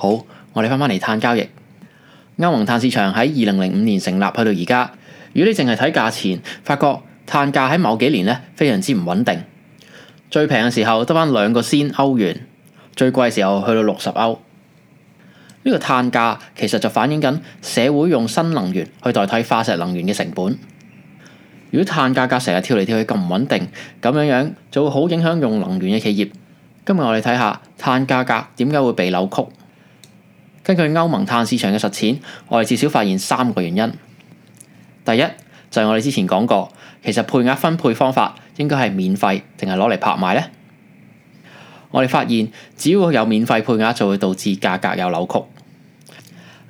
好，我哋翻返嚟碳交易。歐盟碳市場喺二零零五年成立，去到而家。如果你淨係睇價錢，發覺碳價喺某幾年咧非常之唔穩定，最平嘅時候得翻兩個仙歐元，最貴嘅時候去到六十歐。呢個碳價其實就反映緊社會用新能源去代替化石能源嘅成本。如果碳價格成日跳嚟跳去咁唔穩定，咁樣樣就會好影響用能源嘅企業。今日我哋睇下碳價格點解會被扭曲。根據歐盟碳市場嘅實踐，我哋至少發現三個原因。第一就係我哋之前講過，其實配額分配方法應該係免費定係攞嚟拍賣呢？我哋發現，只要有免費配額，就會導致價格有扭曲。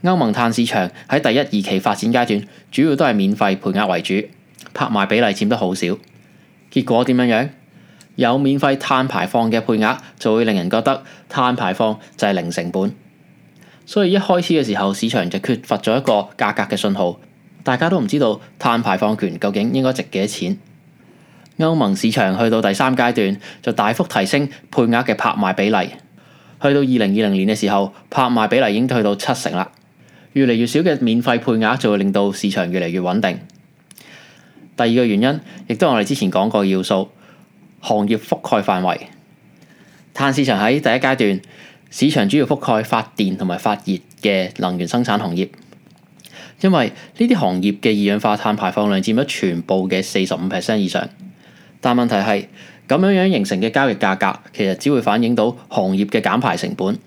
歐盟碳市場喺第一二期發展階段，主要都係免費配額為主，拍賣比例佔得好少。結果點樣樣？有免費碳排放嘅配額，就會令人覺得碳排放就係零成本。所以一開始嘅時候，市場就缺乏咗一個價格嘅信號，大家都唔知道碳排放權究竟應該值幾多錢。歐盟市場去到第三階段，就大幅提升配額嘅拍賣比例，去到二零二零年嘅時候，拍賣比例已經去到七成啦。越嚟越少嘅免費配額就會令到市場越嚟越穩定。第二個原因，亦都係我哋之前講過嘅要素，行業覆蓋範圍，碳市場喺第一階段，市場主要覆蓋發電同埋發熱嘅能源生產行業，因為呢啲行業嘅二氧化碳排放量佔咗全部嘅四十五 percent 以上。但問題係咁樣樣形成嘅交易價格，其實只會反映到行業嘅減排成本。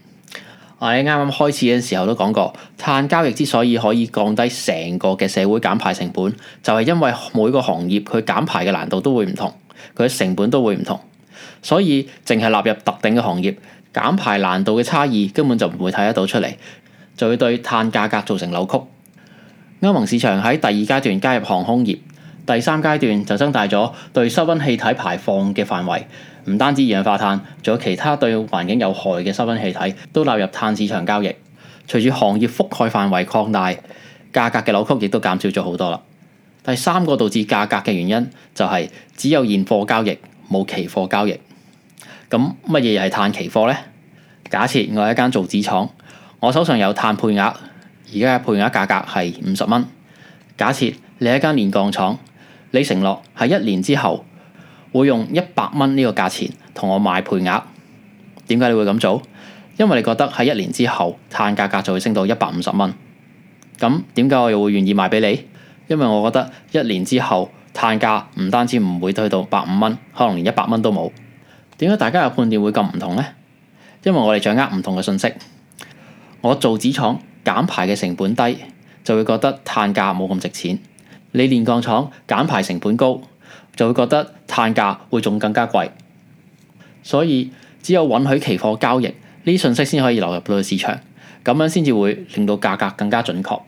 我喺啱啱開始嘅時候都講過，碳交易之所以可以降低成個嘅社會減排成本，就係因為每個行業佢減排嘅難度都會唔同，佢嘅成本都會唔同，所以淨係納入特定嘅行業。減排難度嘅差異根本就唔會睇得到出嚟，就會對碳價格造成扭曲。歐盟市場喺第二階段加入航空業，第三階段就增大咗對溫室氣體排放嘅範圍，唔單止二氧化碳，仲有其他對環境有害嘅溫室氣體都納入碳市場交易。隨住行業覆蓋範圍擴大，價格嘅扭曲亦都減少咗好多啦。第三個導致價格嘅原因就係只有現貨交易，冇期貨交易。咁乜嘢係碳期貨呢？假設我係一間造紙廠，我手上有碳配額，而家嘅配額價格係五十蚊。假設你係一間煉鋼廠，你承諾喺一年之後會用一百蚊呢個價錢同我買配額。點解你會咁做？因為你覺得喺一年之後碳價格就會升到一百五十蚊。咁點解我又會願意賣俾你？因為我覺得一年之後碳價唔單止唔會去到百五蚊，可能連一百蚊都冇。點解大家嘅判斷會咁唔同呢？因為我哋掌握唔同嘅信息。我造紙廠減排嘅成本低，就會覺得碳價冇咁值錢；你煉鋼廠減排成本高，就會覺得碳價會仲更加貴。所以只有允許期貨交易，呢啲信息先可以流入到市場，咁樣先至會令到價格更加準確。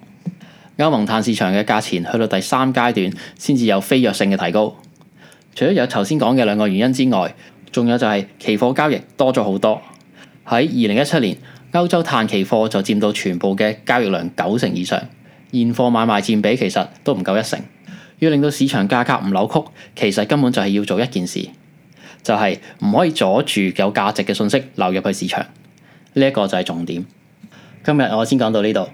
歐盟碳市場嘅價錢去到第三階段先至有飛躍性嘅提高，除咗有頭先講嘅兩個原因之外，仲有就係期貨交易多咗好多，喺二零一七年，歐洲碳期貨就佔到全部嘅交易量九成以上，現貨買賣佔比其實都唔夠一成。要令到市場價格唔扭曲，其實根本就係要做一件事，就係、是、唔可以阻住有價值嘅信息流入去市場。呢、這、一個就係重點。今日我先講到呢度。